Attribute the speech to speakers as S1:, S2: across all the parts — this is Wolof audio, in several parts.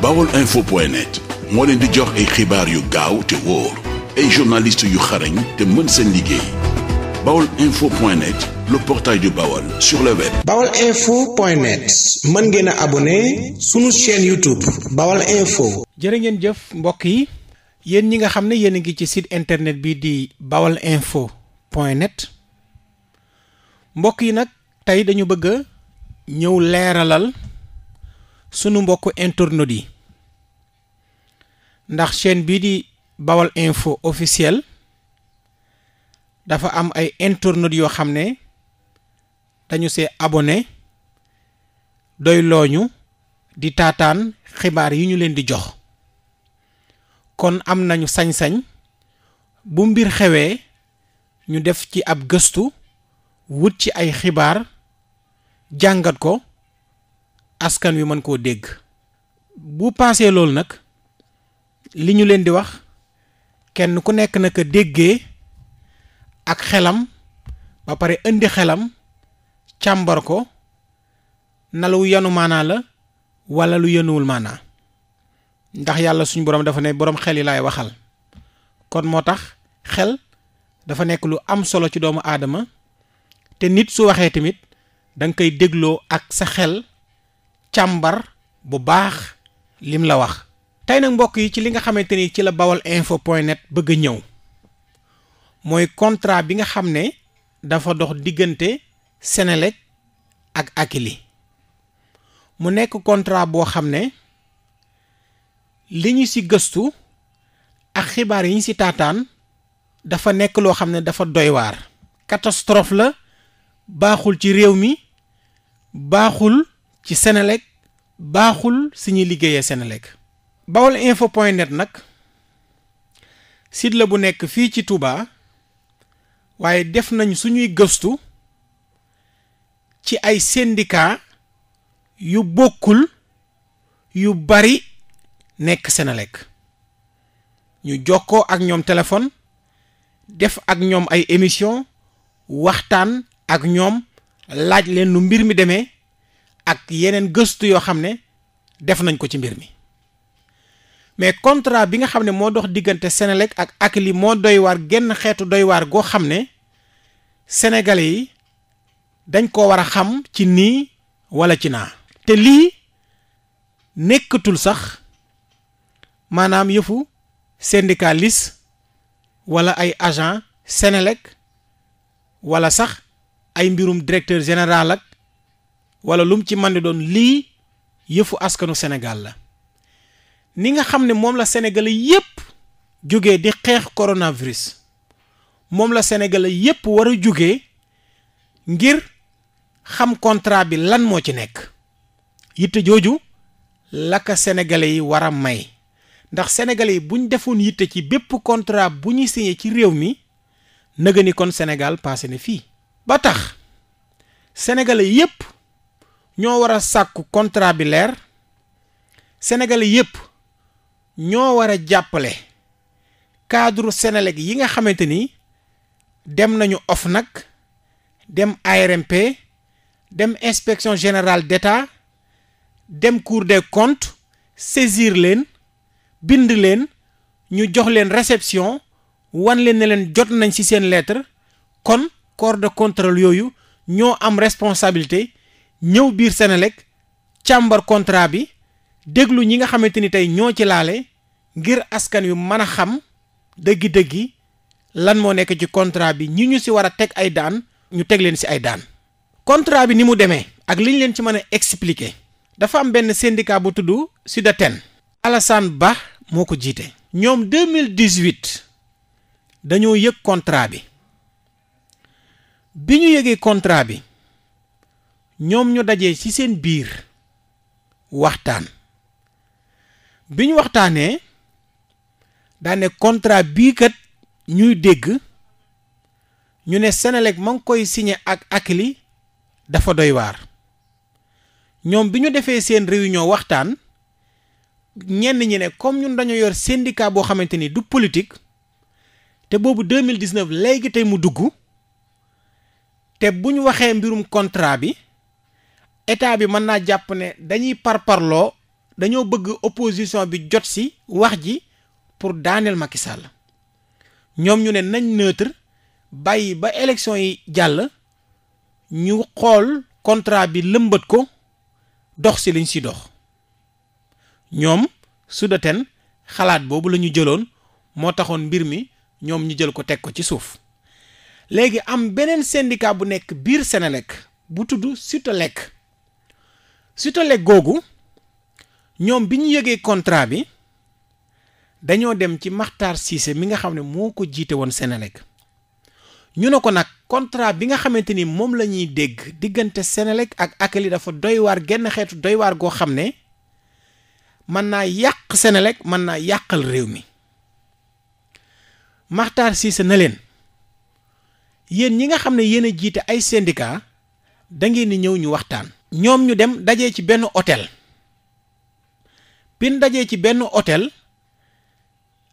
S1: bawol info point moo leen di jox ay xibaar yu gaaw te wóor ay journalistes yu xarañ te mën seen liggéey bawol info point net le portail du Baol sur le web. Baol info point net mën ngeen a abonné sunu chaîne YouTube Baol info. jërë ngeen jëf mbokk yi yéen ñi nga xam ne yéen a ngi ci site internet bi di Baol info point net mbokk yi nag tey dañu bëgg a ñëw leeralal sunu mbokk internautes yi. ndax chaîne bii di Bawal info officiel dafa am ay internautes yoo xam ne dañu see abonné doy ñu di taataan xibaar yi ñu leen di jox kon am nañu sañ-sañ bu mbir xewee ñu def ci ab gëstu wut ci ay xibaar jàngat ko askan wi mën koo dégg bu paasee loolu nag li ñu leen di wax kenn ku nekk naka déggee ak xelam ba pare indi xelam càmbar ko na lu yanu maanaa la wala lu yenuwul maanaa ndax yàlla suñu borom dafa ne boroom xel yi laay waxal kon moo tax xel dafa nekk lu am solo ci doomu aadama te nit su waxee tamit danga koy dégloo ak sa xel càmbar bu baax lim la wax tey nag mbokk yi ci li nga xamante ni ci la bawal info point net bëgg a ñëw mooy contrat bi nga xam ne dafa dox diggante Senelec ak Akilee mu nekk contrat boo xam ne li ñu ci gëstu ak xibaar yi ñu ci taataan dafa nekk loo xam ne dafa doy waar catastrophe la baaxul ci réew mi baaxul ci Senelec baaxul si ñuy liggéeyee Senelec bawol info point net nag site bu nekk fii ci Touba waaye def nañ suñuy gëstu ci ay syndicat yu bokkul yu bari nekk seen lekk ñu jokkoo ak ñoom téléphone def ak ñoom ay émission waxtaan ak ñoom laaj leen lu mbir mi demee ak yeneen gëstu yoo xam ne def nañ ko ci mbir mi mais contrat bi nga xam ne moo dox diggante Senelec ak Akilee moo doy waar genn xeetu doy waar goo xam ne sénégalais yi dañ ko war a xam ci nii wala ci naa te lii nekkatul sax maanaam yëfu syndicaliste wala ay agent Senelec wala sax ay mbirum directeur général ak wala lum ci mën ne doon lii yëfu askanu Sénégal la ni nga xam ne moom la sénégalais yépp jóge di xeex coronavirus moom la sénégalais yépp war a jógee ngir xam contrat bi lan moo ci nekk yitte jooju lakk ka yi war a may ndax sénégalais yi buñ defoon yitte ci bépp contrat bu ñu signé ci réew mi nëga kon Sénégal passé na fii ba tax sénégalais yépp ñoo war a sàkku contrat bi leer sénégalais yépp ñoo war a jàppale cadre Senelec yi nga xamante ni dem nañu OFNAC dem ARMP dem inspection générale d'État dem cour de comptes saisir leen bind leen ñu jox leen réception wan leen ne leen jot nañ ci seen lettre kon corps de contrôle yooyu ñoo am responsabilité ñëw biir Senelec càmbar contrat bi déglu ñi nga xamante ni tey ñoo ci laale ngir askan wi mën a xam dëggi-dëggi lan moo nekk ci contrat bi ñi ñu si war a teg ay daan ñu teg leen si ay daan contrat bi ni mu demee ak li ñu leen ci mën a expliquer dafa am benn syndicat bu tudd Sudaten Alassane Ba moo ko jiite ñoom 2018 dañoo yëg contrat bi bi ñu yëgee contrat bi ñoom ñu dajee ci seen biir waxtaan bi ñu waxtaanee daane contrat bii kat ñuy dégg ñu ne Senelec ma koy signé ak Akilee dafa doy waar ñoom bi ñu defee seen réunion waxtaan ñenn ñi ne comme ñun dañoo yor syndicat boo xamante ni du politique te boobu 2019 léegi tey mu dugg te bu ñu waxee mbirum contrat bi état bi mën naa jàpp ne dañuy parparloo dañoo bëgg opposition bi jot si wax ji pour daaneel Macky Sall ñoom ñu ne nañ neutre bàyyi ba élection yi jàll ñu xool contrat bi lëmbat ko dox si liñ si dox ñoom Soudaten xalaat boobu lañu jëloon moo taxoon mbir mi ñoom ñu jël ko teg ko ci suuf léegi am beneen syndicat bu nekk biir seen Senelec bu tudd Sutelec Sutelec googu ñoom bi ñu yëgee contrat bi dañoo dem ci maxtar Cissé mi nga xam ne moo ko jiite woon Sénélec ñu ne ko nag contrat bi nga xamante ni moom la ñuy dégg diggante Sénélec ak Akili dafa doy genn xeetu doy goo xam ne mën naa yàq Sénélec mën naa yàqal réew mi Makhtar Cissé na leen yéen ñi nga xam ne yéen a jiite ay syndicat da ngeen di ñëw ñu waxtaan. ñoom ñu dem dajee ci benn hôtel pin dajee ci benn hôtel.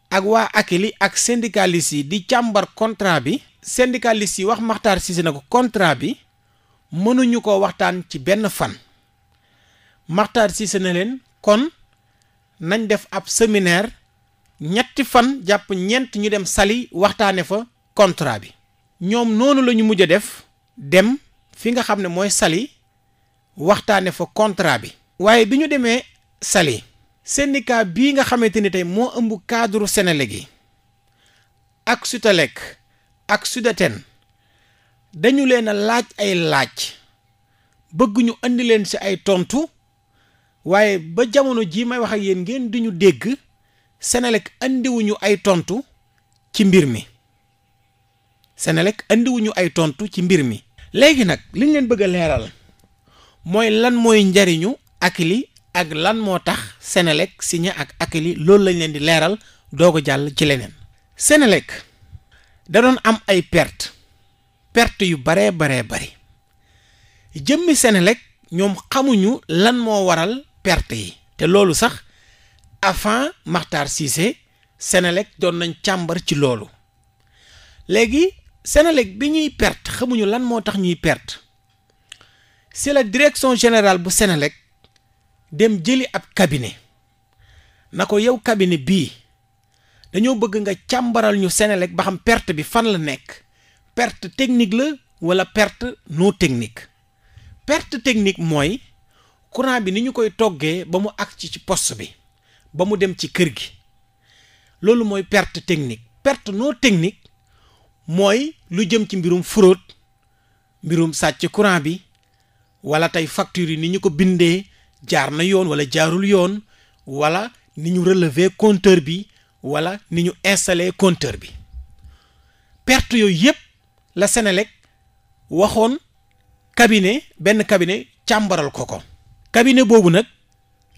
S1: ak waa Akili ak syndicaliste yi di càmbar contrat bi syndicaliste yi wax Makhtar Cissé na ko contrat bi mënuñu ko waxtaan ci benn fan Makhtar Cissé na leen kon nañ def ab séminaire ñetti fan jàpp ñeent ñu dem sali waxtaane fa contrat bi ñoom noonu lañu mujj a def dem fi nga xam ne mooy sali waxtaane fa contrat bi waaye bi ñu demee sali syndicat bii nga xamante ni tey moo ëmb cadre Senelec gi ak Sutelec ak Sudaten dañu leen a laaj ay laaj bëgguñu indi leen ci ay tontu waaye ba jamono jii may wax ak yéen ngeen di ñu dégg Senelec indiwuñu ay tontu ci mbir mi Senelec indiwuñu ay tontu ci mbir mi. léegi nag liñ leen bëgg leeral mooy lan mooy njariñu ak li ak lan moo tax Senelec signé ak Akilee loolu lañ leen di leeral doo ko jàll ci leneen. Senelec da doon am ay perte perte yu baree baree bari jëmmi Senelec ñoom xamuñu lan moo waral perte yi te loolu sax avant Makhtar Cissé Senelec doon nañ càmbar ci loolu léegi Senelec bi ñuy perte xamuñu lan moo tax ñuy perte si la direction générale bu Senelec. dem jëli ab cabinet na ko yow cabinet bii dañoo bëgg nga càmbaral ñu Senelec ba xam perte bi fan la nekk perte technique la wala perte non technique perte technique mooy courant bi ni ñu koy toggee ba mu agsi ci post bi ba mu dem ci kër gi loolu mooy perte technique perte non technique mooy lu jëm ci mbirum fraude mbirum sàcc courant bi wala tey factures yi ni ñu ko bindee jaar na yoon wala jaarul yoon wala ni ñu relever compteur bi wala ni ñu installer compteur bi perte yooyu yépp la Senelec waxoon cabinet benn cabinet càmbaral ko ko cabinet boobu nag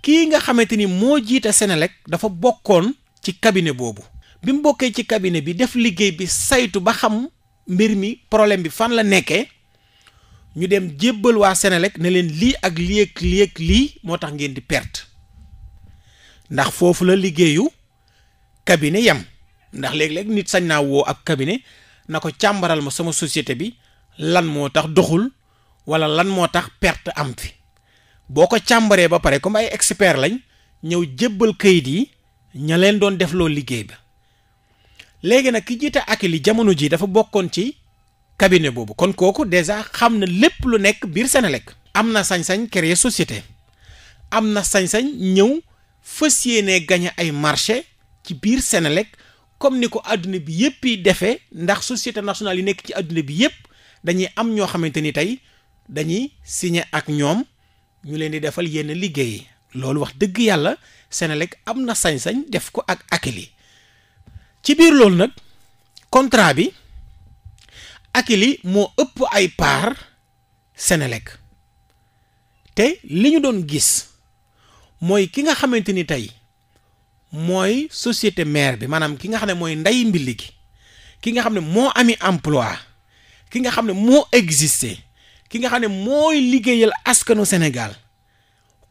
S1: kii nga xamante ni moo jiita Senelec dafa bokkoon ci cabinet boobu bi mu bokkee ci cabinet bi def liggéey bi saytu ba xam mbir mi problème bi fan la nekkee ñu dem jébbal waa Senelec ne leen lii ak lii ak lii ak lii moo tax ngeen di perte ndax foofu la liggéeyu cabinet yam ndax léeg-léeg nit sañ naa woo ab cabinet na ko càmbaral ma sama société bi lan moo tax doxul wala lan moo tax perte am fi boo ko càmbaree ba pare comme ay expert lañ ñëw jébbal kayit yi ña leen doon def loo liggéey bi léegi nag ki jiite akili jamono ji dafa bokkoon ci cabinet boobu kon kooku déjà xam na lépp lu nekk biir Senelec am na sañ-sañ créer société am na sañ-sañ ñëw fas yéenee gagné ay marché ci biir Senelec comme ni ko àdduna bi yëpp yi defee ndax société nationale yi nekk ci adduna bi yëpp dañuy am ñoo xamante ni tey dañuy signé ak ñoom ñu leen di defal yenn liggéey loolu wax dëgg yàlla Senelec am na sañ-sañ def ko ak Akilee ci biir loolu nag contrat bi Akilee moo ëpp ay paar Senelec te li ñu doon gis mooy ki nga xamante ni tey mooy société mère bi maanaam ki nga xam ne mooy ndey mbili gi ki nga xam ne moo ami emploi ki nga xam ne moo exister ki nga xam ne mooy liggéeyal askanu Sénégal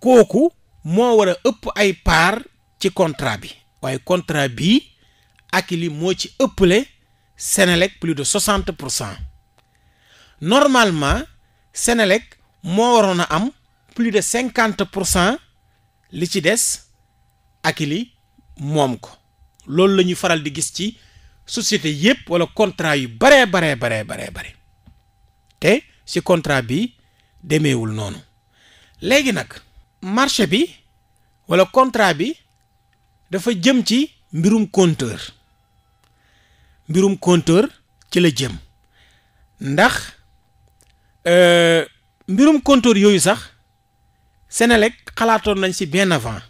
S1: kooku moo war a ëpp ay part ci contrat bi waaye contrat bii akili moo ci ëpple Sénélec plus de soixante pour cent normalement Sénélec moo waroon a am plus de cinquante pour cent li ci des Akilee moom ko loolu la ñuy faral di gis ci société yépp wala contrat yu baree baree baree baree bare te ci contrat bi demewul noonu léegi nag marché bi wala contrat bi dafa jëm ci mbirum compteur mbirum compteur ci la jëm ndax euh, mbirum compteur yooyu sax Senelec xalaatoon nañ ci bien avant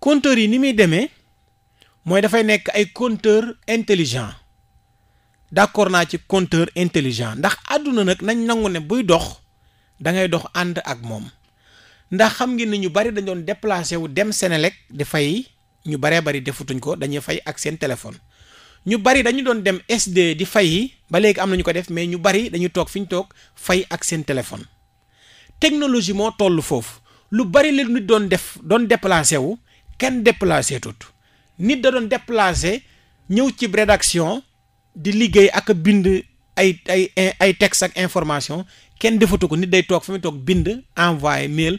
S1: compteur yi ni muy demee mooy dafay nekk ay compteur intelligent d'accord naa ci compteur intelligent ndax àdduna nag nañ nangu ne buy dox da ngay dox ànd ak moom ndax xam ngeen ni ñu bari dañ doon déplacé wu dem Senelec di fay ñu baree bari defutuñ ko dañuy fay ak seen téléphone ñu bari dañu doon dem SD di fay yi ba léegi am na ko def mais ñu bari dañu toog fi ñu toog fay ak seen téléphone technologie moo toll foofu lu bari leen doon def doon déplacé wu kenn déplacé tut nit da déplacé ñëw ci rédaction di liggéey ak bind ay ay ay texte ak information kenn defatu ko nit day toog fi mu toog bind envoyé mail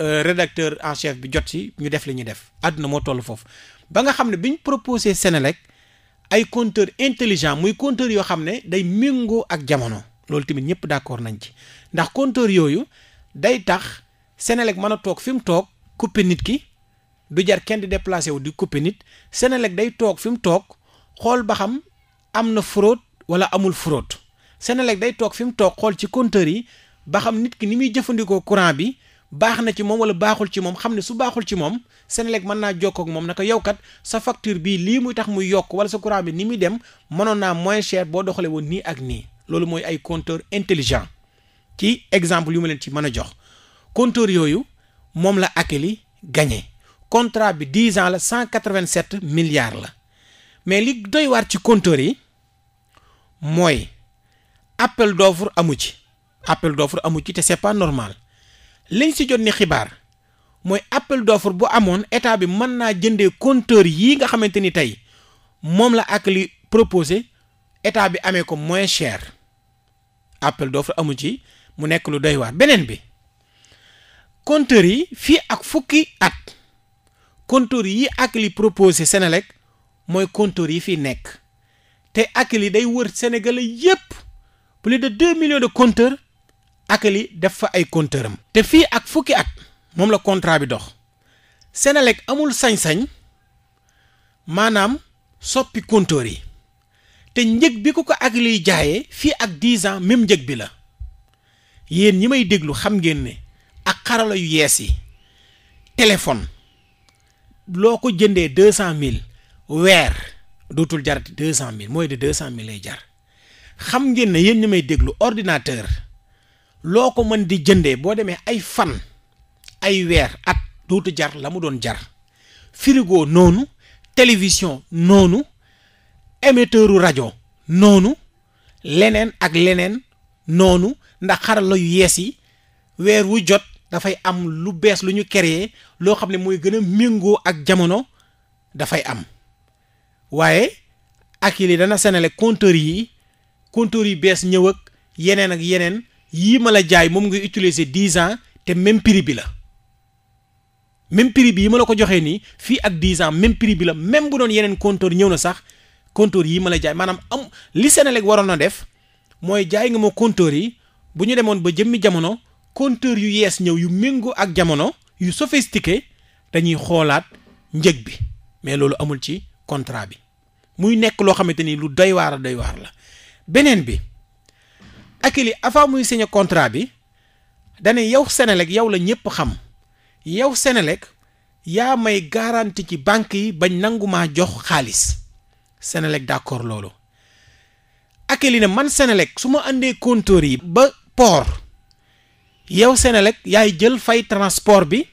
S1: euh, rédacteur en chef bi jot si ñu def li ñuy def àdduna moo toll foofu ba nga xam ne biñ ñu proposé Sénélec ay compteur intelligent muy compteur yoo xam ne day méngoo ak jamono loolu tamit ñëpp d'accord nañ ci ndax compteur yooyu day tax Senelec mën a toog fi mu toog couper nit ki du jar kenn di déplacé wu di couper nit Senelec day toog fi mu toog xool ba xam am na fraude wala amul fraude Senelec day toog fi mu toog xool ci compteur yi ba xam nit ki ni muy jëfandikoo courant bi baax na ci moom wala baaxul ci moom xam ne su baaxul ci moom Senelec mën naa jokkoo ak moom naka yow kat sa facture bii lii muy tax mu yokk wala sa courant bi ni muy dem mënoon naa moins cher boo doxalee woon nii ak nii loolu mooy ay compteur intelligent ci exemple yu ma leen ci mën a jox compteur yooyu moom la Akili gagné contrat bi 10 ans la 187 milliards la mais li doy waar ci compteur yi mooy appel d'offre amu ci appel d'offre amu ci te c'est pas normal liñ si jot ni xibaar mooy appel d'offre bu amoon état bi mën naa jëndee compteur yii nga xamante ni tey moom la ak li proposé état bi amee ko moyen cher appel d'offre amu ci mu nekk lu doy waar beneen bi compteur yi fii ak fukki at compteur yii ak li proposé Sénélec mooy compteur yi fii nekk te ak li day wër Sénégalais yépp plus de deux millions de compteurs ak def fa ay am te fii ak fukki at moom la contrat bi dox Senelec amul sañ-sañ maanaam soppi compteur yi te njëg bi ku ko ak liy jaaye fii ak dix ans même njëg bi la yéen ñi may déglu xam ngeen ne ak xarala yu yees yi téléphone loo ko jëndee deux cent mille weer dootul jarati deux cent mille mooy de deux cent mille lay jar xam ngeen ne yéen ñi may déglu ordinateur loo ko mën di jëndee boo demee ay fan ay weer at dootu jar la mu doon jar frigo noonu télévision noonu émetteuru rajo noonu leneen ak leneen noonu ndax xarala yu yees yi weer wu jot dafay am lu bees lu ñu créer loo xam ne mooy gën a méngoo ak jamono dafay am waaye ak yi dana senale compteur yi compteur yu bees ñëw ak yeneen ak yeneen yii ma la jaay moom ngi utiliser dix ans te même prix bi la même prix bi yi ma la ko joxee nii fii ak 10 ans même prix bi la même bu doon yeneen compteur ñëw na sax compteur yi ma la jaay maanaam am li Senelec waroon na def mooy jaay nga ma compteur yi bu ñu demoon ba jëmmi jamono compteur yu yees ñëw yu méngoo ak jamono yu sophistiqué dañuy xoolaat njëg bi mais loolu amul ci contrat bi muy nekk loo xamante ni lu doy waar a doy waar la beneen bi ak li avant muy signé contrat bi dane yow Senelec yow la ñëpp xam yow Senelec yaa may garanti ci banque yi bañ nangu maa jox xaalis Senelec d'accord loolu ak li ne man Senelec su ma indee compteur yi ba port yow Senelec yaay jël fay transport bi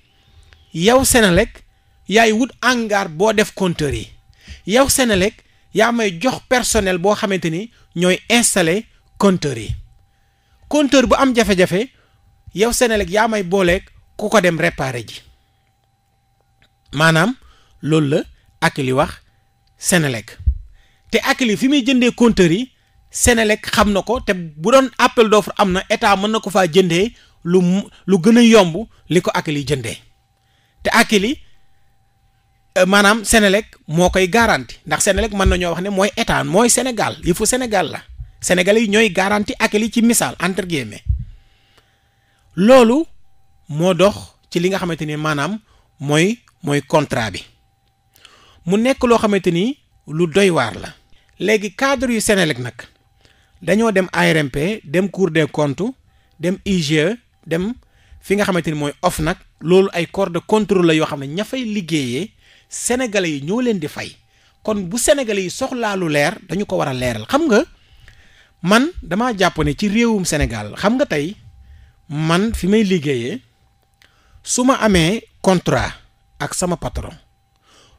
S1: yow Senelec yaay wut hangar boo def compteur yi yow Senelec yaa may jox personnel boo xamante ni ñooy installer conteur yi compteur bu am jafe-jafe yow seneleg yaa may booleek ku ko dem réparer ji maanaam loolu la Akilee wax Senelec te Akilee fi muy jëndee compteurs yi Senelec xam na ko te bu doon appel d'offre am na état mën na ko faa jëndee lu lu gën a yomb li ko Akilee jëndee te Akilee euh, maanaam Senelec moo koy garanti ndax Senelec mën nañoo wax ne mooy état mooy Sénégal yëfu Sénégal la Sénégalais yi ñooy garanti Akilee ci misaal entre guillemets loolu moo dox ci li nga xamante ni maanaam mooy mooy contrat bi mu nekk loo xamante ni lu doy waar la. léegi cadre yu Senelec nag dañoo dem ARMP dem Cour de conte dem IGE dem fi nga xamante ni mooy nag loolu ay corps de contrôle la yoo xam ne ña fay liggéeyee sénégalais yi ñoo leen di fay kon bu sénégalais yi soxlaalu leer dañu ko war a leeral xam nga man dama jàpp ne ci réewum Sénégal xam nga tey man fi may liggéeyee. su ma amee contrat ak sama patron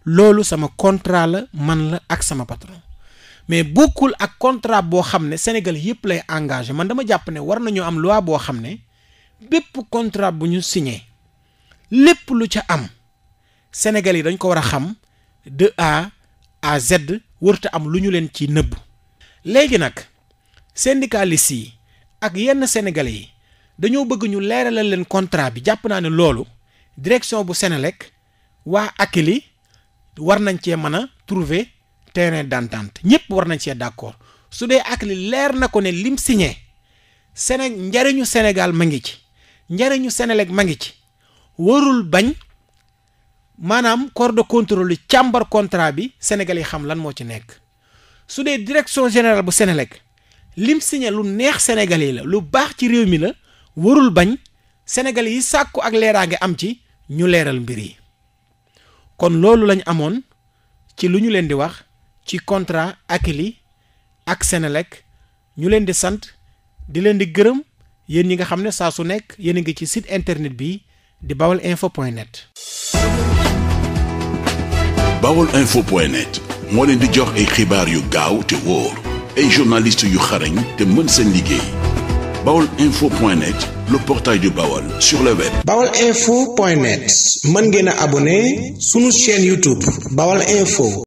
S1: loolu sama contrat la man la ak sama patron mais bokkul ak contrat boo xam ne Sénégal yëpp lay engagé man dama jàpp ne war nañoo am loi boo xam ne bépp contrat bu ñu signé lépp lu ca am Sénégal yi dañ ko war a xam d A à Z wërta am lu ñu leen ci nëbb léegi nag syndicalistes yi ak yenn Sénégalais yi dañoo bëgg ñu leeralal leen contrat bi jàpp naa ne loolu direction bu Sénélec waa Akili war nañ cee mën a trouver terrain d'entente ñëpp war nañ cee d'accord su dee Akili leer na ko ne lim signé Séné njariñu Sénégal ma ngi ci njariñu Sénélec ma ngi ci warul bañ maanaam corps de contrôle lu càmbar contrat bi Sénégal yi xam lan moo ci nekk su dee direction générale bu Sénélec lim signé lu neex Sénégal yi la lu baax ci réew mi la. warul bañ Sénégal yi sàkku ak leeraange am ci ñu leeral mbir yi kon loolu lañu amoon ci lu ñu leen di wax ci contrat Akilee ak Senelec ñu leen di sant di leen di gërëm yéen yi nga xam ne saa su nekk yéen a ngi ci site internet bi di bawal info net. bawal info moo leen di jox ay xibaar yu gaaw te wóor ay journalistes yu xarañ te mën seen liggéey. baolinfo.net le portail du Baol sur le web. baolinfo.net man ngeen a abone sunu chaîne YouTube Baol Info.